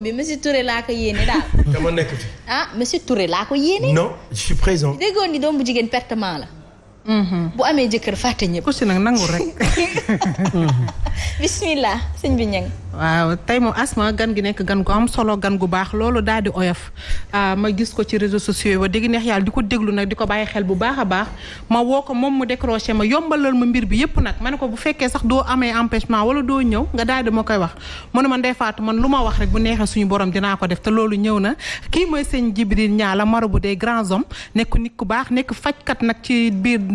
bi monsieur Touré laa ko yéene daal. dama nekk fi. ah monsieur Touré laa ko yéene. non je suis présent. déggoon ni doom bu jigéen pertement la. bu amee jëkkër fàtte ñëpp. ku si nag nangu rek. bismillah sëñ bi ñang waaw tey moom asma gan gi nekk gan gu am solo gan gu baax loolu daal di oyof ah, ma gis ko ci réseaux sociaux yi wa dégg neex yàlla di ko déglu nag di ko bàyyi xel bu baax a baax ma woo ko moom mu décroché ma yombal yombalal ma mbir bi yépp nag ma ne ko bu fekkee sax doo amee empêchement wala doo ñëw nga daal di ma koy wax mu ne ma Ndeye Fatou man lu ma wax rek bu neexee suñu borom dinaa ko def te loolu ñëw na kii mooy sëñ Jibril Niang la marabout des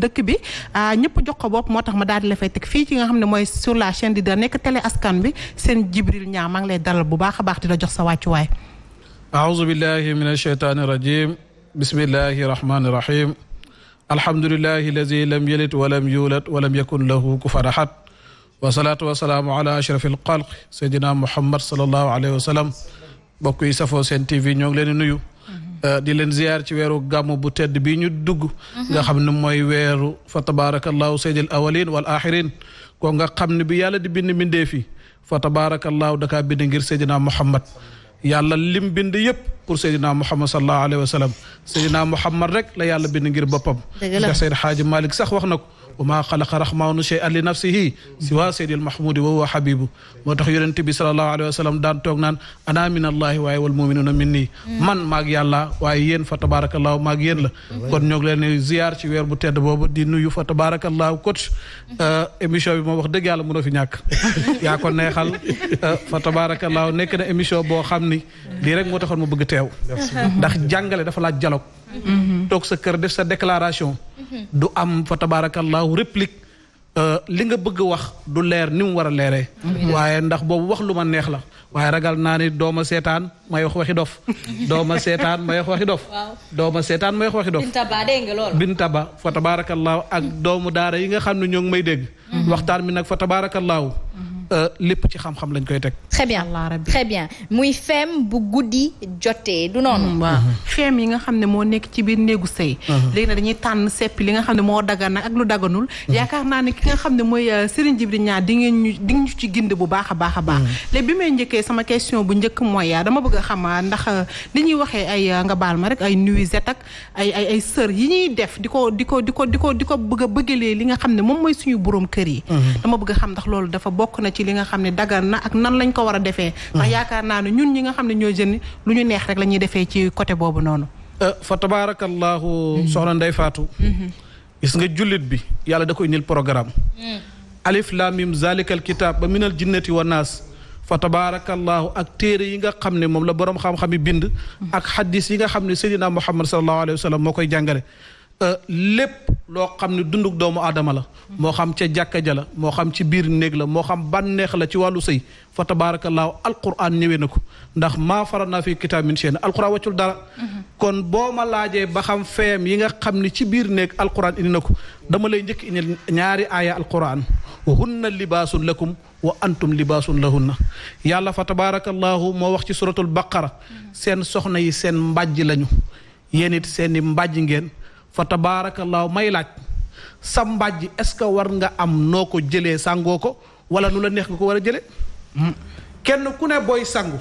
dëkk bi ah, ñëpp jox ko bopp moo tax ma daal di la fay teg fii ci nga xam ne mooy sur la chaîne leader nekk télé askan bi seen Jibril Niang maa ngi lay dalal bu baax a baax di la jox sa wàccuwaay aouzu billahi min ashaytaani rajim bismillahi rahmani rahim alhamdulilahi alladi lam yalid walam yulad walam yakun lahu kufuwan ahad wasalaatu wasalaamu ala ashrafi alxalq sayidina muhammad salallahu alayhi wa sallam bokk yi safoo seen TV ñoo ngi leen di nuyu. Euh, di leen ziar ci weeru gàmm bu tedd bi ñu dugg. nga xam ne mooy weeru fa tabaarakallahu sayyidil awalin wal axirin ko nga xam ne bi yàlla di bind mbindee fi fa tabaarakallahu dakaa bind ngir Seydina Muhammad yàlla lim bind yëpp pour Seydina Muhammad sallallahu alayhi wa sallam Seydina Muhammad rek la yàlla bind ngir boppam. dëgg la Seydi Malik sax wax na ko. wa maa xalaqa rahmaanu shay'an li nafsihi siwa seydil mahmudi wa huwa habibu moo tax yonent bi sallallahu alayhi wa sallam daan toog naan ana min allahi waaye wal muminuuna min nii man maag yàlla waaye yéen fa tabarakallahu maag yéen la kon ñoo ngi leen ziyaar ci weer bu tedd boobu di nuyu fa tabarakallahu coach euh, émission bi moom wax dëgg yàlla mun fi ñàkk yaa ko neexal euh, fa tabarakallahu nekk na émission boo xam ni lii rek moo taxoon ma bëgg teew ndax jàngale dafa laaj dialogue mm-hmm. toog sa kër def sa déclaration du am fa tabaarakallaahu réplique euh, li nga bëgg wax du leer ni mu war a leeree waaye ndax boobu wax lu ma neex la waaye ragal naa ni dooma seetaan may wax waxi dof dooma seetaan may wax waxi dof dooma seetaan may wax waxi dof binta ba fa tabaarakallaahu ak doomu daara yi nga xam ne ñoo may dégg mm-hmm. waxtaan mi nag fa tabaarakallaahu mm-hmm. Euh, lépp ci xam-xam lañ koy teg. très bien très bien muy feem bu guddi jotee du noonu. Mm, waaw mm-hmm. feem yi nga xam ne moo nekk ci biir néegu sëy. Mm-hmm. léegi nag dañuy tànn seppi li nga xam ne moo dagan ak lu daganul. Mm-hmm. yaakaar naa ne ki nga xam ne mooy euh, Serigne Djibril Niang di ngeen ñu di ngeen ci gind bu baax baax a baax. léegi bi may njëkkee sama question bu njëkk mooy euh, dama bëgg a ndax li ñuy waxee ay nga baal ma rek ay nuisette ak ay ay ay sër yi ñuy def di ko di ko di ko di ko di ko bëgg bëggalee li nga xam ne moom mooy suñu borom kër yi. dama bëgg xam ndax loolu dafa bokk na ci li nga xam ne dagan na ak nan lañ ko war a defee ndax yaakaar naa ne ñun ñi nga xam ne ñoo jënd lu ñu neex rek la ñuy defee ci côté boobu noonu euh, fa tabaarakallaahu soxna nday Faatu gis nga jullit bi yàlla da koy nil programme alif lam mim zalikal kitab ba minal jinnati wa naas fa tabaarakallaahu ak téere yi nga xam ne moom la borom xam-xam yi bind ak xaddis yi nga xam ne seydina muhammad sallallahu alayhi wa sallam moo koy jàngale Euh, lépp loo xam ne dunduk doomu aadama la moo xam ca jàkka ja la moo xam ci biir néeg la moo xam bànneex la ci wàllu sëy fa tabaarakallaahu alquran ñëwee na ko ndax maa fara naa fi kitaab min seen alquran wàccul dara mm-hmm. kon boo ma laajee ba xam feem yi nga xam ne ci biir néeg alquran indi na ko dama lay njëkk indi ñaari aaya alquran wa hunna libaasun lakum wa antum libaasun lahunna yàlla fa tabaarakallaahu moo wax ci suratul baqara mm-hmm. seen soxna yi seen mbàjj lañu yéen it seen ngeen fa tabaarakallaahu may laaj sa mbàjj est-ce que war nga am noo ko jëlee sàngoo ko wala nu la neex nga ko war a jëlee hmm. kenn ku ne booy sangu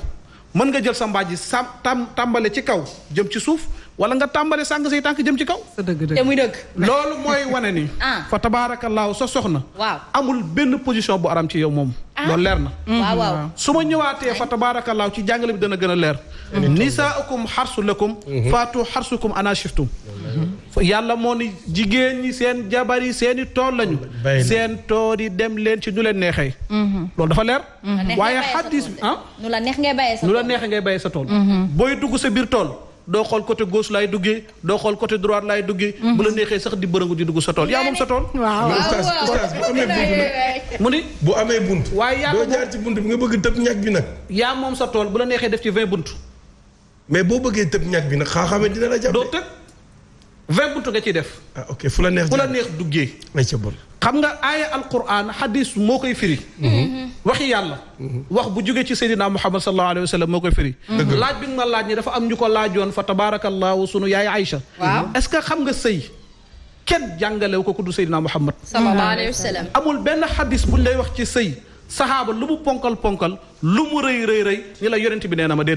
mën nga jël sa mbàjj sam tam tàmbale ci kaw jëm ci suuf wala nga tàmbale sàng say tànk jëm ci kaw. te muy dëgg. loolu mooy wane ni. Ah. fa tabaarakallaahu sa soxna. waaw amul benn position bu aram ci yow moom. Ah. loolu leer na. Hmm. waaw hmm. su ma ñëwaatee fa tabaarakallaahu ci jàngale bi dana gën a leer. nisaakum xarsu lakum. faatu xarsukum ana shiftum yàlla moo ni jigéen ñi seen jabar yi seeni tool lañu. seen tool yi dem leen ci ñu leen neexee. Mhm. loolu dafa leer. waaye xaddis bi ah. nu la neex ngay bayee sa la neexee ngay bayee sa tool. Mhm. booy dugg sa biir tool. doo xool côté gos laay duggee doo xool côté droite laay duggee. Mhm. bu la neexee sax di bërëngu di dugg sa tool yaa moom sa tool. waaw mu ni bu amee bunt. waaye yaa doo jaar ci bunt bi nga bëgg tëb ñag bi nag. yaa moom sa tool bu la neexee def ci vingt bunt. mais boo bëggee tëb ñag bi nag xaaxaame dina la jàpp doo tëb. vingt buntu nga ciy def. Ah, fu la neex fu la neex duggee. may ca bon xam nga aaya alquran hadis moo koy firi. Mhm. waxi yàlla. Mhm. wax bu jugee ci Seydina Muhammad sallallahu alayhi wa sallam moo koy firi. laaj bi ma laaj ni dafa am ñu ko laajoon fa tabaarakallahu nu yaay ay waaw est-ce que xam nga sëy. kenn jàngalewu ko ku du Seydina Muhammad. sallallahu alayhi wa sallam amul benn hadis buñ lay wax ci sëy. saxaaba lu mu ponkal ponkal lu mu rëy rëy rëy ni la yonent bi nee na ma de